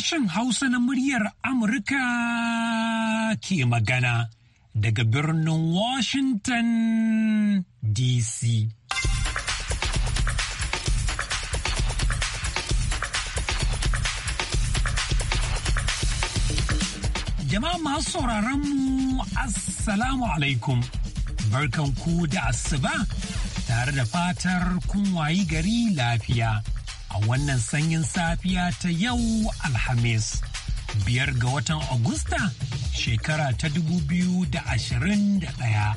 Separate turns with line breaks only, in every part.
Sashen Hausa na muryar Amurka ke magana daga birnin Washington DC. Jama'a masu sauraron mu Assalamu alaikum, barkan ku da asuba tare da fatar kun wayi gari lafiya. wannan sanyin safiya ta yau Alhamis. Biyar ga watan Agusta shekara ta dubu biyu da ashirin da ɗaya,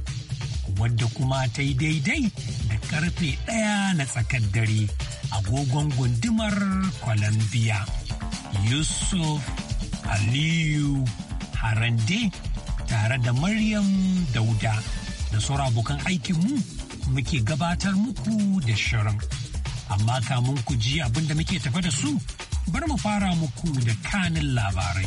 wadda kuma ta yi daidai da karfe ɗaya na tsakar dare agogon gundumar Colombia. Yusuf Aliyu Harande tare da Maryam Dauda da sauran abokan aikinmu muke gabatar muku da shirin. Amma kamun ku ji abin da muke tafe da su, bari mu fara muku da kanin labarai.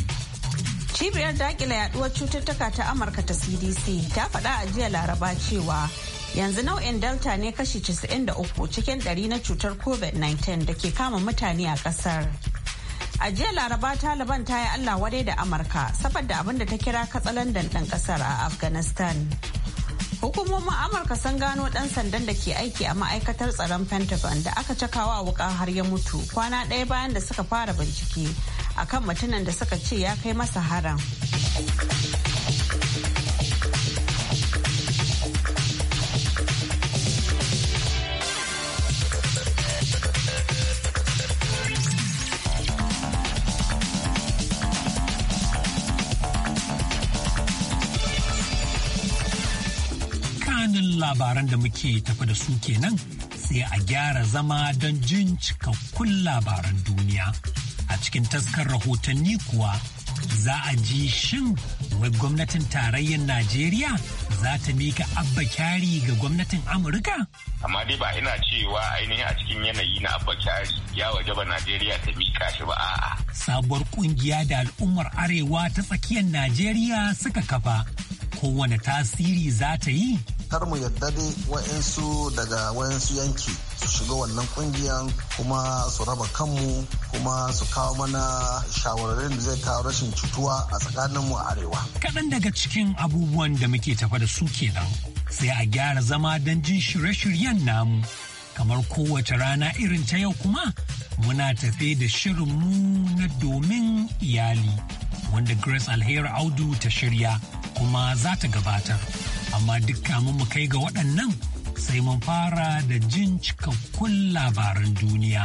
Cibiyar dakila yaduwar cututtuka ta Amurka ta CDC ta faɗa a jiya Laraba cewa yanzu nau'in Delta ne kashi 93 cikin ɗari na cutar COVID-19 da ke kama mutane a ƙasar. A jiya Laraba Taliban ta yi Allah wadai da Amurka saboda abin da ta kira katsalandan ɗan ƙasar a Afghanistan. Hukumomin Amurka sun gano ɗan sandan da ke aiki a ma'aikatar tsaron Pentagon da aka cakawa a wuka har ya mutu kwana ɗaya bayan da suka fara bincike akan mutunan da suka ce ya kai masa haram.
labaran da muke tafi da su kenan sai a gyara zama don jin cikakkun labaran duniya. A cikin taskar rahotanni kuwa za a ji shin wai gwamnatin tarayyar Najeriya za ta mika abba kyari ga gwamnatin Amurka?
Amma dai ba ina cewa ainihin a cikin yanayi na abba kyari ya waje ba Najeriya ta
mika shi ba a'a.
Sabuwar kungiya da al'ummar arewa ta tsakiyar Najeriya suka kafa kowane tasiri za ta yi
kar mu yarda dai wa'insu daga wa'insu yanki su shiga wannan kungiyan kuma su raba kanmu kuma su kawo mana shawararin da zai kawo rashin cutuwa a tsakanin mu a arewa.
Kaɗan daga cikin abubuwan da muke tafa da su kenan sai a gyara zama don jin shirye-shiryen namu. Kamar kowace rana irin ta yau kuma muna tafe da shirin mu na domin iyali wanda Grace Alheri Audu ta shirya kuma za ta gabatar. amma duk kamun mu kai ga waɗannan sai mun fara da jin cikakkun labaran duniya.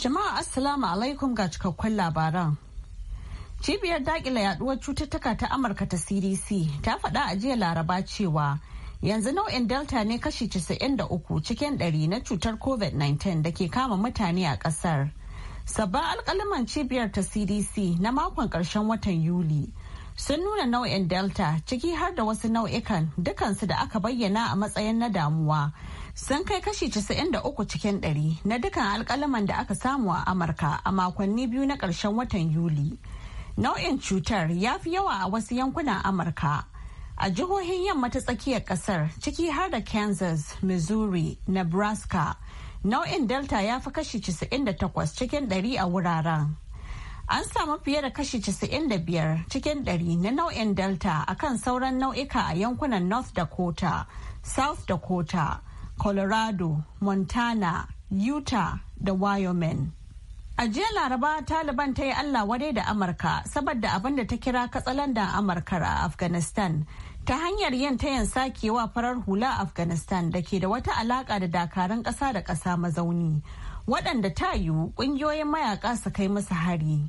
Jama'a Assalamu alaikum ga cikakkun labaran. Cibiyar dakila yaduwar cututtuka ta Amurka ta CDC ta faɗa a jiya Laraba cewa yanzu nau'in Delta ne kashi 93 cikin 100 na cutar COVID-19 da ke kama mutane a ƙasar. Sabbin alkalaman cibiyar ta CDC na makon ƙarshen watan Yuli sun nuna nau'in Delta ciki har da wasu nau'ikan dukansu da aka bayyana a matsayin na damuwa sun kai kashi 93 cikin 100 na dukan alkalaman da aka samu a Amurka a makonni biyu na ƙarshen watan Yuli. Nau'in cutar ya fi yawa a wasu yankunan Amurka. a jihohin yamma ta tsakiyar kasar ciki har da kansas missouri nebraska nau'in delta ya fi kashi 98 cikin 100 a wuraren an samu fiye da kashi 95 cikin 100 na nau'in delta a kan sauran nau'ika a yankunan north dakota south dakota colorado montana utah da wyoming a jiya laraba taliban ta yi allah wadai da amurka saboda abin da ta kira katsalandan amurka a afghanistan ta hanyar yin tayan sakewa farar hula afghanistan da ke da wata alaka da dakarun ƙasa da ƙasa mazauni waɗanda ta yiwu ƙungiyoyin mayaƙa su kai musu hari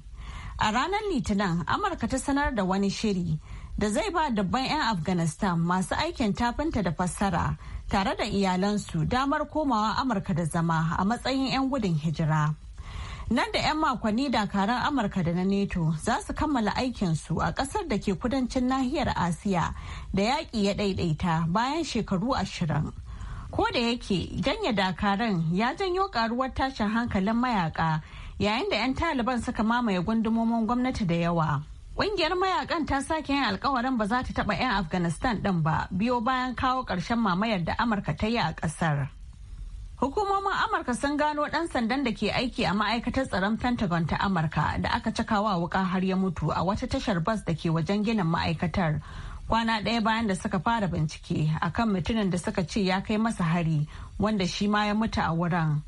a ranar litinin amurka ta sanar da wani shiri da zai ba dabban 'yan afghanistan masu aikin tafinta da fassara tare da iyalansu damar komawa amurka da zama a matsayin 'yan gudun hijira Nan da 'yan makonni dakaran Amurka da na neto za su kammala aikinsu a kasar da ke kudancin nahiyar Asiya da yaƙi ya ɗaiɗaita bayan shekaru ashirin. Ko da yake janye dakaran ya janyo karuwar tashin hankalin mayaka yayin da 'yan taliban suka mamaye gundumomin gwamnati da yawa. Ƙungiyar mayakan ta sake yin alkawarin ba za ta taɓa 'yan Afghanistan ɗin ba biyo bayan kawo ƙarshen mamayar da Amurka ta yi a ƙasar. Hukumomin Amurka sun gano ɗan sandan da ke aiki a ma'aikatar tsaron Pentagon ta Amurka da aka cakawa wuka har ya mutu a wata tashar bas da ke wajen ginin ma'aikatar. Kwana ɗaya bayan da suka fara bincike a kan mutumin da suka ce ya kai masa hari wanda shi ma ya mutu a wurin.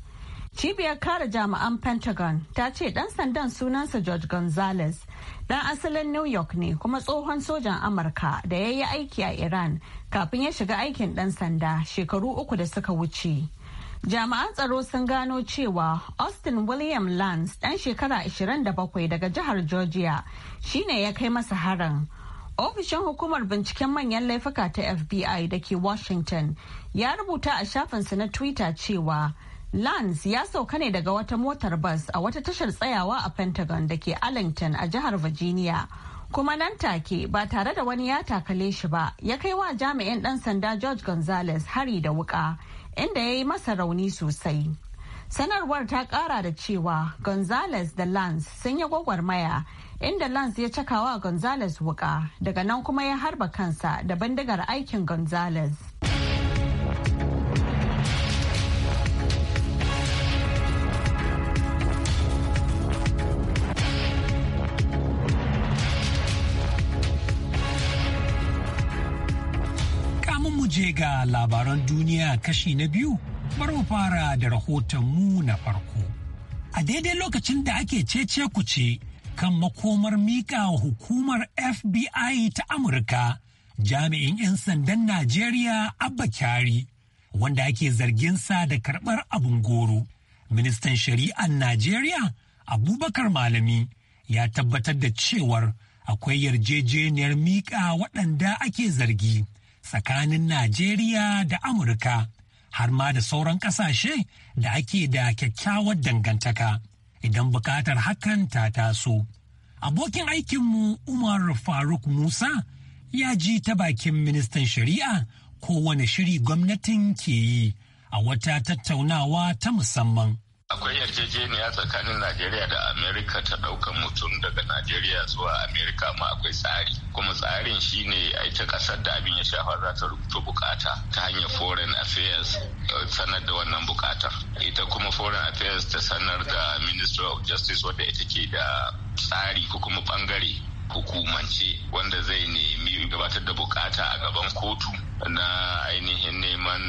Cibiyar kare jami'an Pentagon ta ce ɗan sandan sunansa George Gonzales ɗan asalin New York ne kuma tsohon sojan Amurka da ya yi aiki a Iran kafin ya shiga aikin ɗan sanda shekaru uku da suka wuce. Jami'an tsaro sun gano cewa Austin William Lance ɗan shekara 27 daga jihar Georgia ne ya kai masa harin. Ofishin hukumar binciken manyan laifuka ta FBI da ke Washington ya rubuta a shafinsa na Twitter cewa Lance ya sauka ne daga wata motar bas a wata tashar tsayawa a Pentagon da ke Arlington a jihar Virginia. Kuma nan take ba tare da wani ya takale shi ba ya kai wa jami'in ɗan sanda George Gonzalez hari da wuka. inda ya yi masa rauni sosai. Sanarwar ta kara da cewa Gonzales da Lance sun yi gwagwarmaya inda Lance ya cakawa Gonzales wuka daga nan kuma ya harba kansa da bindigar aikin Gonzales.
je ga labaran duniya kashi na biyu, bar mu fara da mu na farko. A daidai lokacin da ake cece kuce kan makomar miƙa hukumar FBI ta Amurka, jami'in 'yan sandan Najeriya Abba Kyari, wanda ake zarginsa da karɓar abin goro. Ministan Shari'ar Najeriya Abubakar Malami ya tabbatar da cewar akwai yarjejeniyar miƙa waɗanda ake zargi. tsakanin Najeriya da Amurka har ma da sauran ƙasashe da ake da kyakkyawar dangantaka idan bukatar hakan ta taso. Abokin aikinmu Umar Faruk Musa ya ji ta bakin ministan shari'a kowane shiri gwamnatin ke yi a wata tattaunawa ta musamman.
akwai yarjejeniya tsakanin najeriya da amerika ta ɗaukan mutum daga najeriya zuwa amerika ma akwai tsari kuma tsarin shine a ita ƙasar da abin ya shafa za ta rubuta bukata ta hanyar foreign affairs eh, sanar da wannan bukatar ita kuma foreign affairs ta sanar da ministry of justice wadda ita ke da tsari ko kuma bangare hukumance wanda zai nemi gabatar da bukata a gaban kotu na ainihin neman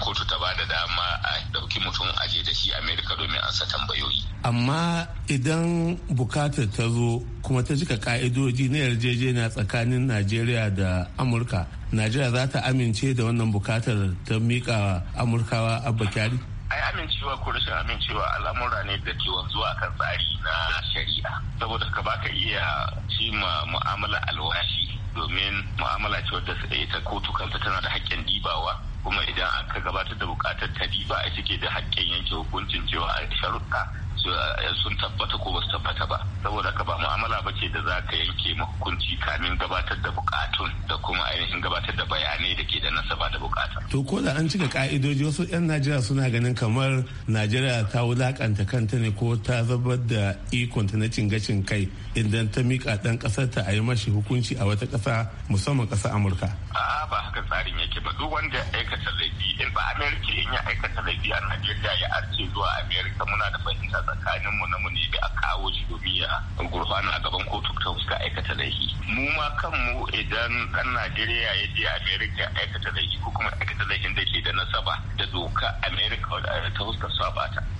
kotu ta ba da dama a dauki mutum aje da shi amerika domin ansa tambayoyi amma idan bukatar ta zo kuma ta jika ka'idoji na yarjejeniya tsakanin najeriya da amurka najeriya za ta amince da wannan bukatar ta mika amurkawa abba kyari ai amincewa ko rashin amincewa al'amura ne da ke wanzuwa kan tsari na shari'a saboda ka baka iya cima mu'amala alwashi domin mu'amala ce wadda ta kotu kanta tana da haƙƙin dibawa kuma idan aka gabatar da buƙatar ta diba a cike da haƙƙin yanke hukuncin cewa a sharuɗa Eh, sun tabbata ko ba su tabbata ba saboda ka ba mu'amala ba ce da za ka yanke hukunci kamin gabatar da bukatun da kuma ainihin gabatar da bayanai da ke da nasaba da bukata. to ko da an cika ka'idoji wasu 'yan najeriya suna ganin kamar najeriya ta wulakanta kanta ne ko ta zabar da ikon ta na cin gashin kai idan ta mika dan kasar ta a yi mashi hukunci a wata kasa musamman kasar amurka. a'a ba haka tsarin yake ba duk wanda ya aikata laifi ba amerika in ya aikata laifi a najeriya ya arce zuwa amerika muna da fahimta tsakanin mu na mu ne da a kawo shi domin ya gurfana a gaban kotu ta suka aikata laifi mu ma kanmu idan ɗan Najeriya ya je Amerika aikata laifi ko kuma aikata laifin da ke da nasaba da doka Amerika ta fuska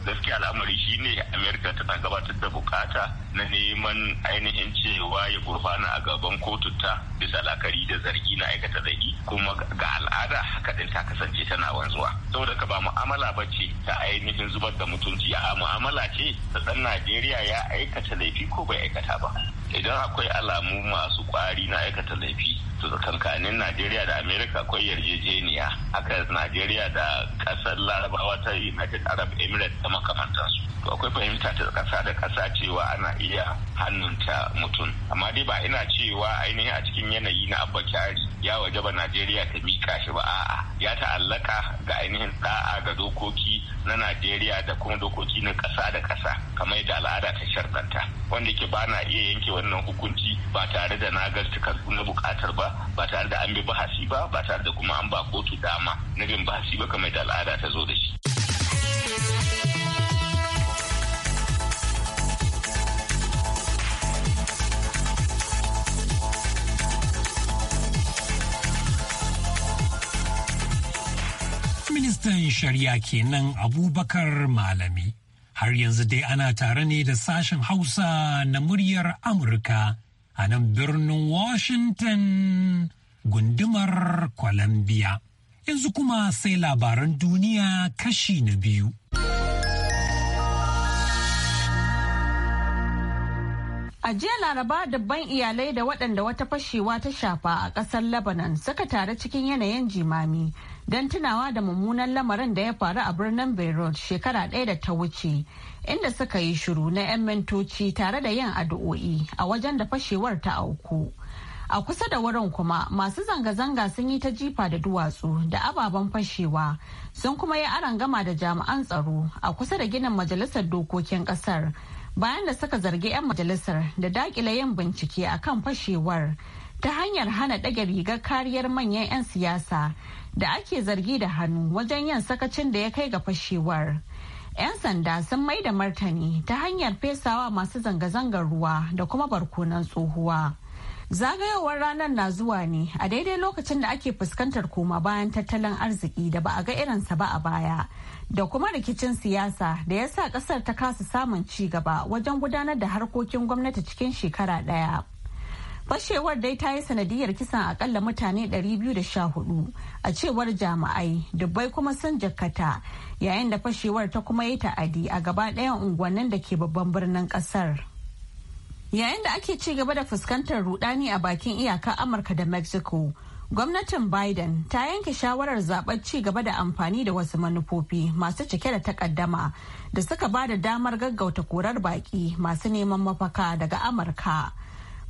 gaskiya al'amari shi ne Amerika ta gabatar da bukata na neman ainihin cewa ya gurfana a gaban kotu ta bisa lakari da zargi na aikata laifi kuma ga al'ada haka din ta kasance tana wanzuwa saboda ka ba mu'amala ba ce ta ainihin zubar da mutunci a mu'amala ce da Najeriya ya aikata laifi ko bai aikata ba. idan akwai alamu masu kwari na aikata laifi to tsakankanin najeriya da Amerika akwai yarjejeniya haka najeriya da kasar larabawa ta united arab emirates da su to akwai fahimta ta kasa da kasa cewa ana iya hannunta mutum amma dai ba ina cewa ainihin a cikin yanayi na abba kyari ya wajaba najeriya ta mika shi ba a'a ya ta'allaka ga ainihin da'a ga dokoki na najeriya da kuma dokoki na kasa da kasa kamar yadda al'ada ta sharɗanta wanda ke ba na iya yankewa wannan hukunci ba tare da na gasta takardu na bukatar ba ba tare da an bi bahasi ba ba tare da kuma an ba kotu dama na bin bahasi ba kamar da al'ada ta zo da shi.
Ministan Shari'a kenan Abubakar Malami. Har yanzu dai ana tare ne da sashen Hausa na muryar Amurka a nan birnin Washington gundumar Columbia. Yanzu kuma sai labaran duniya kashi na biyu.
A jiya laraba dabban iyalai da waɗanda wata fashewa ta shafa a ƙasar Lebanon suka tare cikin yanayin jimami don tunawa da mummunan lamarin da ya faru a birnin beirut shekara ɗaya da ta wuce inda suka yi shiru na 'yan mintoci tare da yin addu'o'i a wajen da fashewar ta auku a kusa da wurin kuma masu zanga-zanga sun yi ta jifa da duwatsu da ababen fashewa sun kuma yi gama da jami'an tsaro a kusa da ginin majalisar dokokin kasar bayan da suka zargi 'yan majalisar da dakile yin bincike akan fashewar ta hanyar hana ɗage rigar kariyar manyan 'yan siyasa da ake zargi da hannu wajen yin sakacin da ya kai ga fashewar. 'Yan sanda sun mai da martani ta hanyar fesawa masu zanga-zangar ruwa da kuma barkonan tsohuwa. Zagayowar ranar na zuwa ne a daidai lokacin da ake fuskantar koma bayan tattalin arziki da ba a ga irinsa ba a baya da kuma rikicin siyasa da ya sa kasar ta kasa samun ci gaba wajen gudanar da harkokin gwamnati cikin shekara ɗaya. Fashewar dai ta yi sanadiyar kisan akalla mutane 214 a cewar jami'ai dubbai kuma sun jakkata yayin da fashewar ta kuma yi ta'adi a gaba ɗayan unguwannin da ke babban birnin ƙasar. Yayin da ake ci gaba da fuskantar rudani a bakin iyaka Amurka da Mexico, gwamnatin Biden ta yanke shawarar zaɓar ci gaba da amfani da wasu manufofi masu cike da takaddama da suka ba da damar gaggauta korar baƙi masu neman mafaka daga Amurka.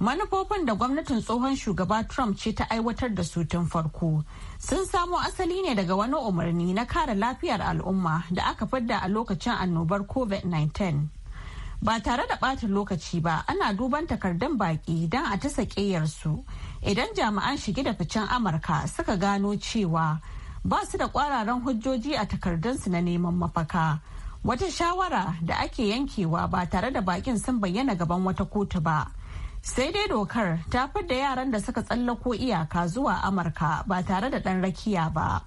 manufofin da gwamnatin tsohon shugaba trump ce ta aiwatar da su tun farko sun samo asali ne daga wani umarni na kare lafiyar al'umma da aka fidda a lokacin annobar covid-19 ba tare da ɓata lokaci ba ana duban takardun baƙi don a ta su idan jami'an shige da ficen amurka suka gano cewa ba su da kwararan hujjoji a takardunsu na neman mafaka wata shawara da ake yankewa ba tare da bakin sun bayyana gaban wata kotu ba sai dai dokar ta fidda yaran da suka tsallako iyaka zuwa amurka ba tare da dan rakiya ba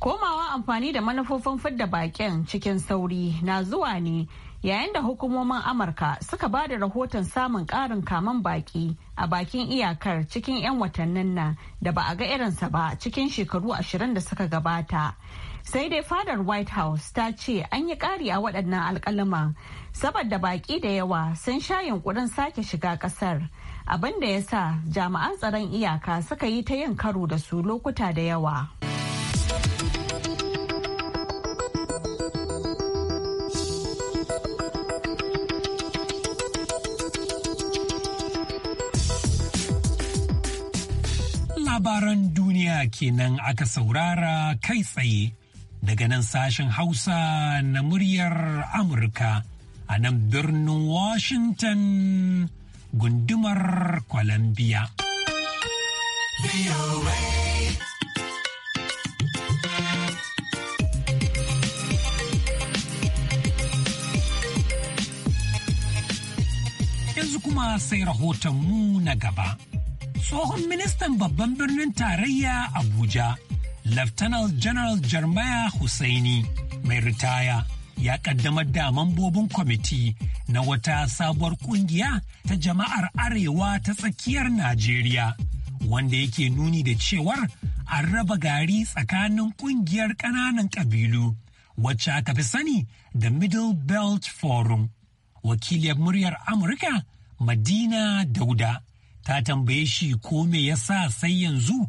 komawa amfani da manufofin fidda baƙin cikin sauri na zuwa ne yayin da hukumomin amurka suka ba da rahoton samun ƙarin kaman baƙi a bakin iyakar cikin 'yan watannin nan da ba a ga irinsa ba cikin shekaru ashirin da suka gabata sai dai fadar white house ta ce an yi kari a waɗannan alkalama saboda baƙi da yawa sun sha yunkurin sake shiga ƙasar abin da ya sa jami'an tsaron iyaka suka yi ta yin karo da su lokuta da yawa
labaran duniya kenan aka saurara kai tsaye daga nan sashen Hausa na muryar Amurka a nan birnin Washington gundumar Columbia. Yanzu kuma sai rahotonmu na gaba. Tsohon ministan babban birnin tarayya Abuja. Laftanar General Jarmaya Hussaini mai ritaya ya kaddamar da mambobin kwamiti na wata sabuwar kungiya ta jama'ar arewa ta tsakiyar Najeriya wanda yake nuni da cewar an raba gari tsakanin kungiyar ƙananan ƙabilu wacce aka fi sani da Middle Belt Forum. Wakiliyar muryar Amurka Madina Dauda ta tambaye shi ko me yasa sai yanzu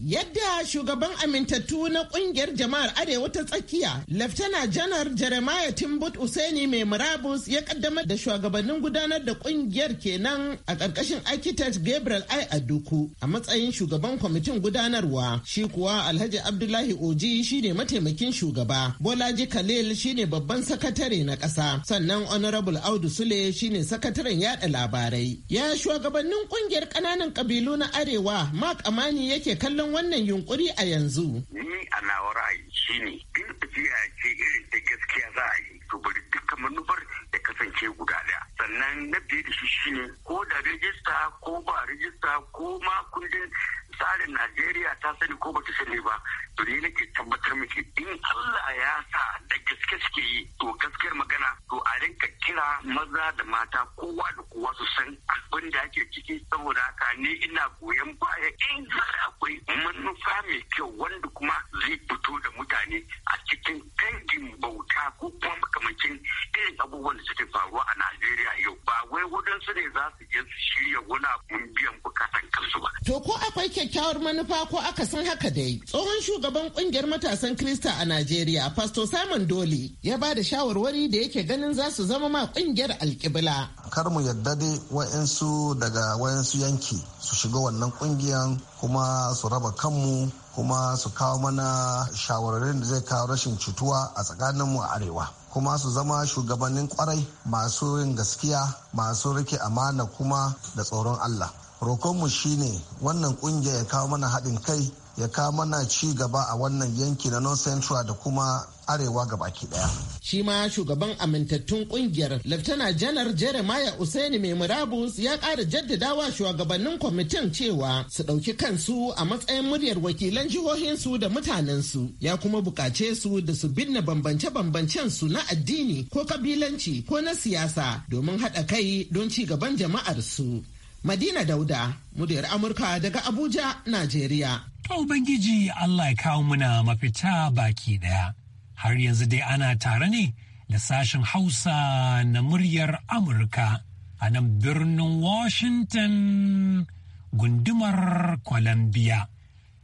Yadda shugaban amintattu na kungiyar jama'ar Arewa ta tsakiya, Laftana Janar Jeremiah Timbut Useni mai murabus ya kaddamar da shugabannin gudanar da kungiyar kenan a ƙarƙashin architect Gabriel I Aduku a matsayin shugaban kwamitin gudanarwa. Shi kuwa Alhaji Abdullahi Oji shine mataimakin shugaba, Bolaji Khalil shine babban sakatare na ƙasa, sannan Honorable Audu Sule shine sakataren yada labarai. Ya shugabannin kungiyar ƙananan ƙabilu na Arewa, Mark Amani yake kallon wajen wannan yunkuri a yanzu? Ni a nawa ra'ayi ne. in tafiya ce irin ta gaskiya za a
yi to bari dukkan manufar da kasance guda ɗaya. Sannan na biyu da shi shi ne. ko da rijista ko ba rijista ko ma kundin tsarin Najeriya ta sani ko ba ta sani ba to ni nake tabbatar miki in Allah ya sa da gaske suke yi to gaskiyar magana to a rinka kira maza da mata kowa da kowa su san abin da ake ciki saboda haka ni ina goyon baya in har akwai manufa mai kyau wanda kuma zai fito da mutane a cikin dangin bauta ko kuma makamancin irin abubuwan da suke faruwa a Najeriya yau ba wai su ne za su je su
shirya wani abun biyan bukatan kansu
ba.
To ko akwai kyakkyawar manufa ko aka san haka dai tsohon shugaban shugaban kungiyar matasan Krista a Najeriya, Pastor Simon Dole, ya ba da shawarwari da yake ganin za su zama ma kungiyar alkibla.
Kar mu yadda dai wa'insu daga wa'insu yanki su shiga wannan kungiyan kuma su raba kanmu kuma su kawo mana shawararin da zai kawo rashin cutuwa a tsakaninmu a arewa kuma su zama shugabannin kwarai masu yin gaskiya masu rike amana kuma da tsoron allah rokonmu shine wannan kungiya ya kawo mana haɗin kai ya kawo mana ci gaba a wannan yanki na north central da kuma arewa gabaki daya.
Shi ma shugaban amintattun kungiyar Laftana Janar Jeremiah Usaini mai murabus ya kara jaddadawa shugabannin kwamitin cewa su ɗauki kansu a matsayin muryar wakilan jihohinsu da mutanensu ya kuma bukace su da su binne bambance-bambancen su na addini ko kabilanci ko na siyasa domin haɗa kai don ci gaban jama'ar su. Madina Dauda, muryar Amurka daga Abuja, Najeriya.
Ta Ubangiji Allah ya kawo muna mafita baki daya Har yanzu dai ana tare ne da sashen Hausa na muryar Amurka a nan birnin Washington gundumar Columbia.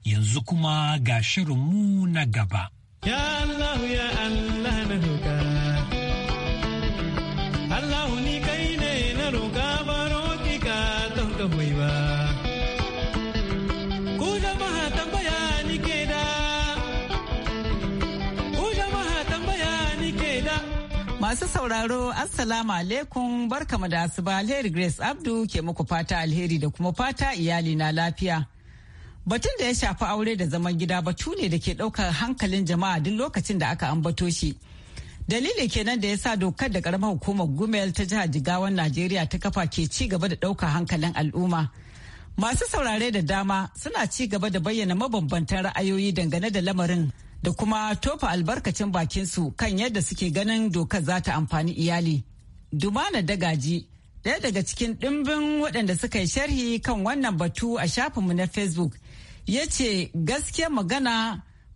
Yanzu kuma ga shirinmu na gaba. Ya Allah ya Allah na
Masu sauraro Assalamu alaikum barkamu da asuba alheri Grace Abdu ke muku fata alheri da kuma fata iyali na lafiya. Batun da ya shafi aure da zaman gida batu ne da ke ɗaukar hankalin jama'a duk lokacin da aka ambato shi. Dalili kenan da ya sa dokar da karamar hukumar Gumel ta jihar Jigawan Najeriya ta kafa ke ci gaba da ɗaukar hankalin al'umma. Masu saurare da dama suna ci gaba da bayyana mabambantan ra'ayoyi dangane da lamarin. da kuma tofa albarkacin bakinsu kan yadda suke ganin dokar za ta amfani iyali. Dumana Dagaji, ɗaya daga cikin ɗimbin waɗanda suka yi sharhi kan wannan batu a shafinmu na Facebook, ya ce gaskiya magana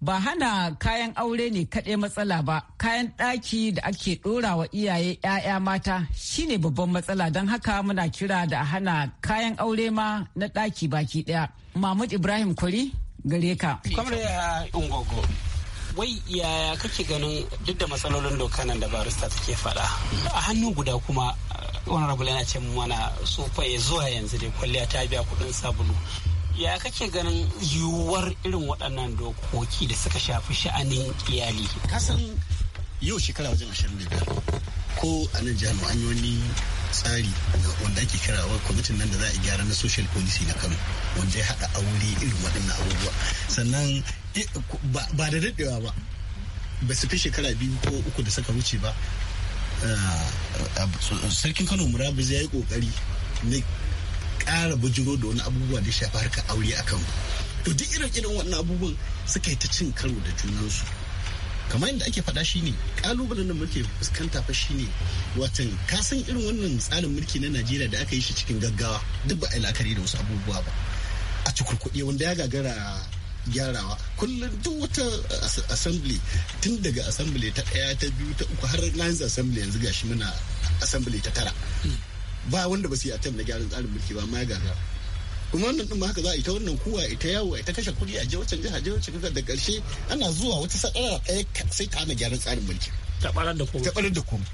ba hana kayan aure ne kaɗai matsala ba, kayan ɗaki da ake ɗorawa iyaye 'ya'ya mata shine babban matsala don haka muna kira da hana kayan aure ma na ɗaki baki ɗaya. Mahmud Ibrahim Kwari gare ka.
Uh, wai yaya kake ganin duk da matsalolin doka nan da barista take faɗa a hannu guda kuma wani uh, rabu yana ce mana su kwaye zuwa yanzu dai kwalliya ta biya kuɗin sabulu ya kake ganin yiwuwar irin waɗannan dokoki da suka shafi sha'anin iyali kasan yau shekara wajen 25
ko a nan jami'an wani tsari wanda ake kira wa kwamitin nan da za a gyara na social policy na kano wanda ya haɗa aure irin waɗannan abubuwa sannan ba da daɗewa ba ba su fi shekara biyu ko uku da suka wuce ba eh, sarkin kano murabus ya yi ƙoƙari na ƙara bujiro da wani abubuwa da shafi harkar aure a kano to duk irin irin wannan abubuwan suka yi ta cin karo da junansu kamar yadda ake faɗa shine kalubalen da muke fuskanta fa shine watan kasan irin wannan tsarin mulki na najeriya da aka yi shi cikin gaggawa duk ba a la'akari da wasu abubuwa ba a cikurkuɗe wanda ya gagara gyarawa kullum duk wata assembly tun daga assembly ta ɗaya ta biyu ta uku har lines assembly yanzu gashi muna assembly ta tara hmm. ba wanda ba su yi a na gyaran tsarin mulki ba ma ya gagara kuma wannan din ba haka za a ita wannan kuwa ita yawo ita kashe kuɗi a je wancan jiha je wancan da ƙarshe ana zuwa wata sadara ɗaya sai ta ana gyaran tsarin mulki tabarar da komai tabarar da komai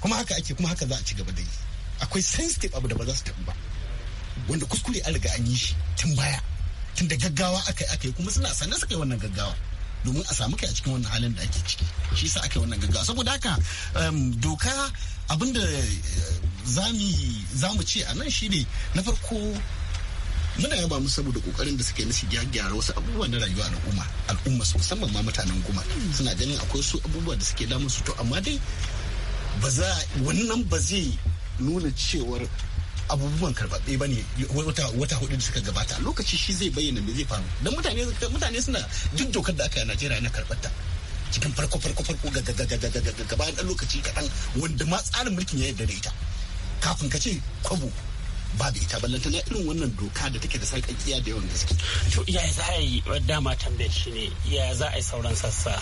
kuma haka ake kuma haka za a ci gaba da yi akwai sensitive abu da ba za su tafi ba wanda kuskure an riga an yi shi tun baya tun da gaggawa aka yi aka yi kuma suna sanar suka yi wannan gaggawa domin a samu kai a cikin wannan halin da ake ciki shi sa aka yi wannan gaggawa saboda haka um, doka abinda eh, za mu ce a nan shi ne na farko muna yaba musu saboda kokarin da suke na su gyaggyara wasu abubuwa na rayuwa al'umma al'umma su musamman ma mutanen goma suna ganin akwai su abubuwa da suke damun su to amma dai ba za wannan ba zai nuna cewar abubuwan karɓaɓɓe ba ne wata hudu da suka gabata lokaci shi zai bayyana me zai faru dan mutane suna duk dokar da aka yi a najeriya na karɓarta cikin farko farko farko ga gaba ɗan lokaci kaɗan wanda ma tsarin mulkin ya yarda da ita kafin ka ce kwabo babu ita ballanta na irin wannan doka da take da sarƙaƙiya da yawan gaske. to ya za a yi dama tambayar
shi ne ya za a yi sauran sassa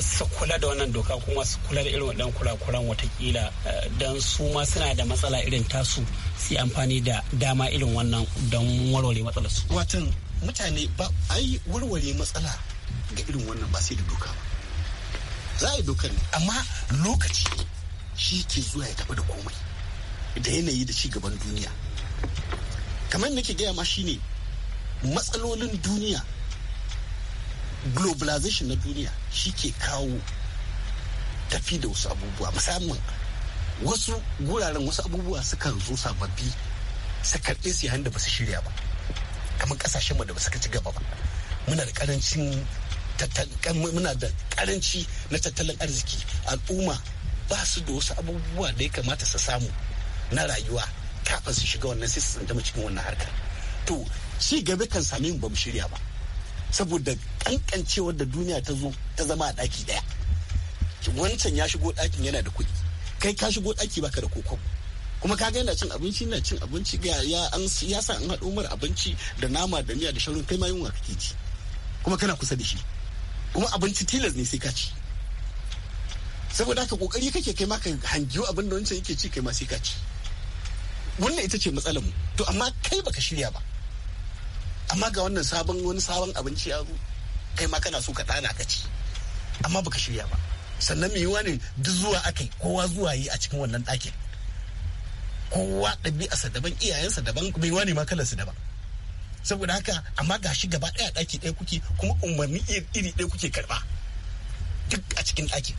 su kula da wannan doka kuma su kula da irin waɗannan kurakuran watakila eh, don su ma suna da matsala irin tasu su yi amfani da dama irin wannan don warware matsalar su. Watan mutane ba a yi warware
matsala ga irin wannan ba sai da doka ba. Za a yi dokar ne amma lokaci shi ke zuwa ya tafi da komai. da yanayi da ci gaban duniya kamar nake gaya ma shine matsalolin duniya globalization na duniya shi ke kawo tafi da wasu abubuwa musamman wasu guraren wasu abubuwa sukan zo sababbi su karɓe su yayin da ba su shirya ba kamar ƙasashen da ba su ci gaba ba muna da karancin muna da karanci na tattalin arziki al'umma ba su da wasu abubuwa da ya kamata su samu na rayuwa kafin su shiga wannan sai su cikin wannan harkar to ci gaba kan same mu bamu shirya ba saboda kankancewar da duniya ta zo ta zama a daki daya wancan ya shigo dakin yana da kuɗi kai ka shigo daki baka da kokon kuma ka ga yana cin abinci yana cin abinci ga ya an ya sa an haɗo mara abinci da nama da miya da shaurin kai ma yunwa kake ci kuma kana kusa da shi kuma abinci tilas ne sai ka ci saboda haka kokari kake kai ma ka hangiyo abin da wancan yake ci kai ma sai ka ci wannan ita ce matsalar mu to amma kai baka shirya ba amma ga wannan sabon wani sabon abinci ya zo kai ma kana so ka dana ka ci amma baka shirya ba sannan mai yiwuwa ne duk zuwa yi kowa zuwa yi a cikin wannan ɗakin kowa ɗabi'arsa daban iyayensa daban mai yiwuwa ne ma kalarsa daban saboda haka amma ga shi gaba ɗaya ɗaki ɗaya kuke kuma umarni iri ɗaya kuke karɓa duk a cikin ɗakin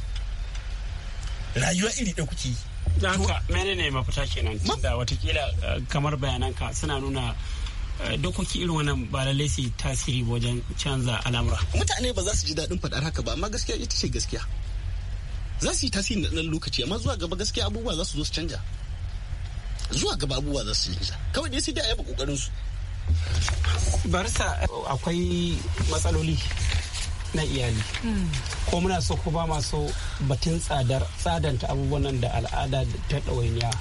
rayuwa iri da kuke yi haka mene
ne mafita kenan tunda watakila eh, kamar bayananka suna nuna eh, dokoki irin wannan ba lallai su tasiri wajen canza
al'amura mutane ba za su ji daɗin faɗar haka ba amma gaskiya ita ce gaskiya za su yi tasiri na ɗan lokaci amma zuwa gaba gaskiya abubuwa za su zo su canja zuwa gaba abubuwa za su canja kawai dai sai dai a yaba ƙoƙarinsu. su akwai matsaloli
na iyali ko muna so ko ba ma so batun tsadar tsadanta abubuwan nan da al'ada ta ɗawainiya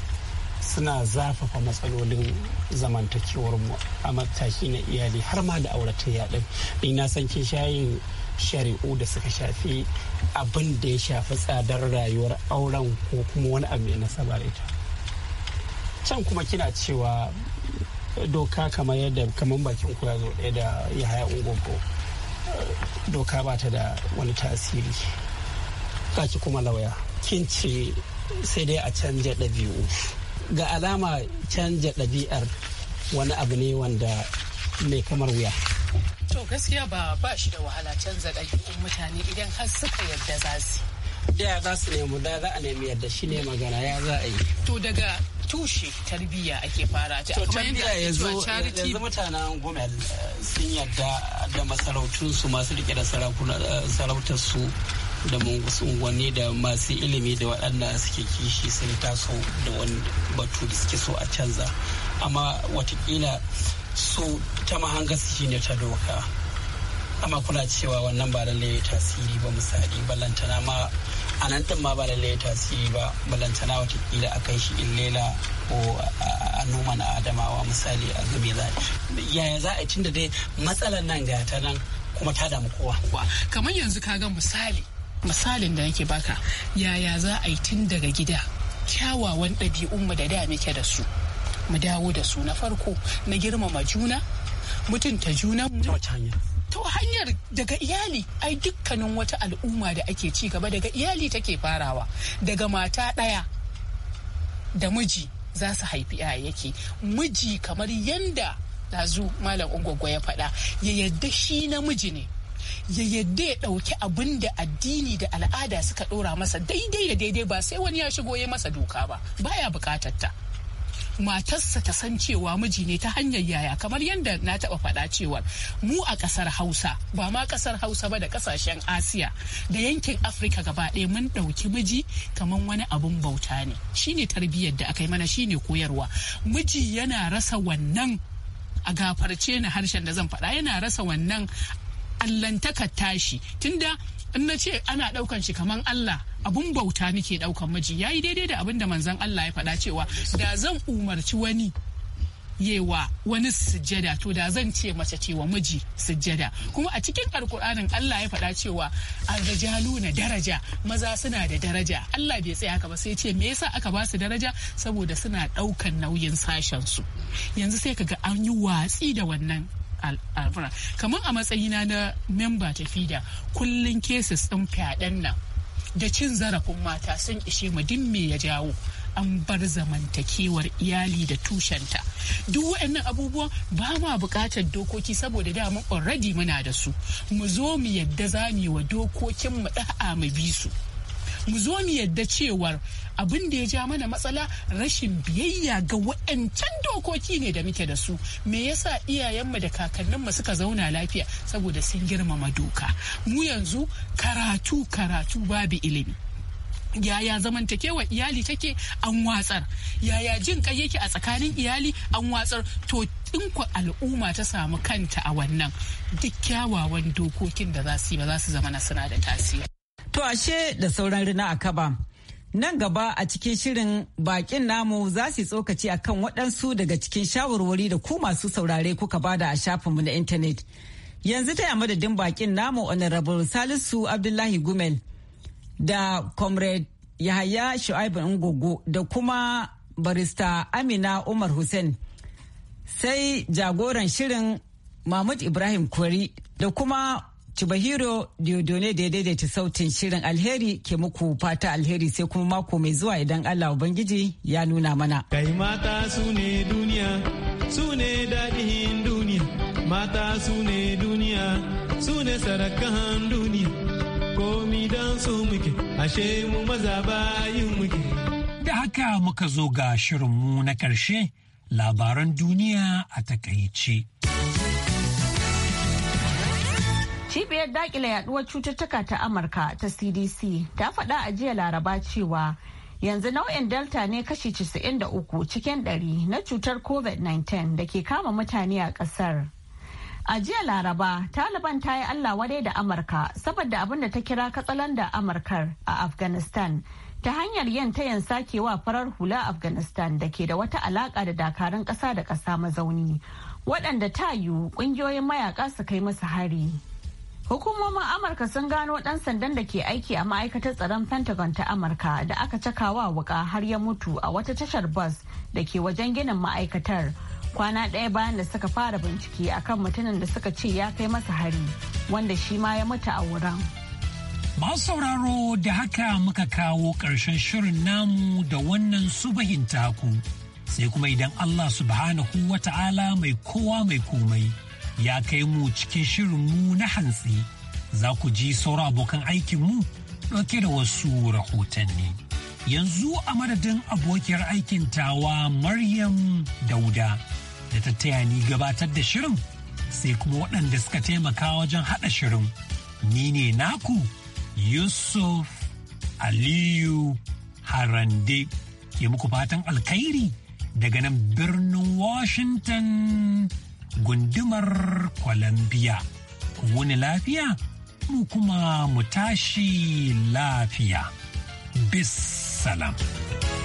suna zafafa matsalolin zamantakewar mu a mataki na iyali har ma da auratayya din ni na san kin shayin shari'u da suka shafi abin da ya shafi tsadar rayuwar auren ko kuma wani abu ya nasaba da ita can kuma kina cewa doka kamar yadda kamar bakin ku zo ɗaya da ya haya ungogo doka ba ta da wani tasiri kaki kuma lauya kin ce sai dai a canja ɗabi'u ga alama canja ɗabi'ar wani abu ne wanda mai kamar wuya
to gaskiya ba ba shi da wahala canza ɗabi'un mutane idan har suka yarda za su
da za su nemi da za a
nemi yarda shi ne magana ya za a yi to daga tushe tarbiyya ake fara ta kamar yanzu yanzu
mutanen gomel eh, sun yadda da masarautun su masu rike da eh, sarautar su da unguwanni da masu ilimi da waɗanda suke kishi sun taso da wani batu da suke so a canza amma watakila so ta mahanga su ne ta doka amma kuna cewa wannan ba lallai tasiri ba misali ballantana ma a nan din ma ba lallai tasiri ba balantana watakila a kai shi in lela ko a noma na adamawa misali a game za yaya za a cin da dai matsalar nan ga ta nan kuma ta
damu kowa kamar yanzu ka ga misali misalin da nake baka yaya za a yi tun daga gida kyawawan ɗabi'un mu da da muke da su mu dawo da su na farko na girmama juna mutunta juna mu to hanyar daga iyali ai dukkanin wata al'umma da ake ci gaba daga iyali take farawa daga mata ɗaya da miji za su haifi yake miji kamar yanda dazu malam ungwaggwa ya faɗa ya yadda shi namiji ne ya yadda ya ɗauki abin da addini da al'ada suka ɗora masa daidai da daidai ba sai wani ya shigo ya masa doka ba baya bukatar ta matarsa ta san cewa miji ne ta hanyar yaya kamar yadda na taba faɗa cewa mu a ƙasar hausa ba ma ƙasar hausa ba da ƙasashen asiya da yankin afirka gaba ɗaya mun ɗauki miji kamar wani abun bauta ne shine tarbiyyar da aka yi mana shine koyarwa miji yana rasa wannan a gafarce na harshen da zan faɗa yana rasa wannan allantakar tashi tunda in na ce ana daukan shi kaman Allah abun bauta nake daukan miji yayi daidai da abin da manzon Allah ya faɗa cewa da zan umarci wani yewa wani sujjada to da zan ce mace cewa miji sujjada kuma a cikin alkur'anin Allah ya faɗa cewa arjalu na daraja maza suna da daraja Allah bai tsaya haka ba sai ce me yasa aka ba su daraja saboda suna ɗaukan nauyin sashen su yanzu sai kaga an yi watsi da wannan al'amura kamar a matsayina na memba ta fida kullum cases ɗin fyaɗen nan da cin zarafin mata sun ishe mu duk me ya jawo an bar zamantakewar iyali da tushenta duk waɗannan abubuwan ba ma buƙatar dokoki saboda dama already muna da su mu zo mu yadda za yi wa dokokin mu ɗa'a mu bi su mu zo mu yadda cewar abin da ya ja mana matsala rashin biyayya ga wa'ancan dokoki ne da muke da su me yasa iyayenmu da kakanninmu suka zauna lafiya saboda sun girmama doka mu yanzu karatu karatu babu ilimi yaya zamantakewa iyali take an watsar yaya jin kai yake a tsakanin iyali an watsar to in ku al'umma ta samu kanta a wannan duk kyawawan dokokin da za su yi ba za su zama na suna da tasiri
To ashe da sauran rina a kaba. Nan gaba a cikin shirin bakin namu za su tsokaci a kan waɗansu daga cikin shawarwari da ku masu saurare kuka bada a shafinmu na intanet. Yanzu ta madadin bakin namu Honorable Salisu Abdullahi Gumel da Comrade Yahaya Shu'aibu Ngogo da kuma barista Amina Umar Hussein sai jagoran shirin Mahmud Ibrahim Kwari da kuma Chibahiro Diodone da ya daidaita sautin shirin alheri ke muku fata alheri sai kuma mako mai zuwa idan Allah Ubangiji ya nuna mana. Kai mata
su ne duniya, su ne daɗin duniya, mata su ne duniya, su ne
sarakan duniya, komi don su muke, ashe mu maza bayin muke. Da haka muka zo ga shirinmu na ƙarshe labaran duniya a takaice.
Cibiyar dakile yaduwar cututtuka ta Amurka ta CDC ta faɗa a jiya Laraba cewa yanzu nau'in Delta ne kashi 93 cikin 100 na cutar COVID-19 da ke kama mutane a ƙasar. A jiya Laraba, Taliban ta yi Allah wadai da Amurka saboda abin da ta kira katsalan da Amurkar a Afghanistan ta hanyar yin tayin sakewa farar hula Afghanistan da ke da wata alaƙa da dakarun ƙasa da ƙasa mazauni. waɗanda ta yiwu ƙungiyoyin mayaƙa su kai masa hari. Hukumomin Amurka sun gano ɗan sandan da ke aiki a ma'aikatar tsaron Pentagon ta Amurka da aka cakawa wuƙa har ya mutu a wata tashar bus da ke wajen ginin ma'aikatar kwana ɗaya bayan da suka fara bincike a kan mutumin da suka ce ya kai masa hari wanda shi ma ya mutu a wurin.
Masu sauraro da haka muka kawo ƙarshen shirin namu da wannan subahin taku sai kuma idan Allah subhanahu wa mai kowa mai komai. ya kai mu cikin shirin mu na hantsi za ku ji sauran abokan aikinmu ɗauke da wasu rahotanni. Yanzu a madadin abokiyar aikin tawa Maryam Dauda da ta taya ni gabatar da shirin sai kuma waɗanda suka taimaka wajen haɗa shirin. Ni ne naku Yusuf Aliyu Harande ke muku fatan alkhairi daga nan birnin Washington. gundumar Columbia. Ku wuni lafiya, mu kuma mu tashi lafiya. Bis salam.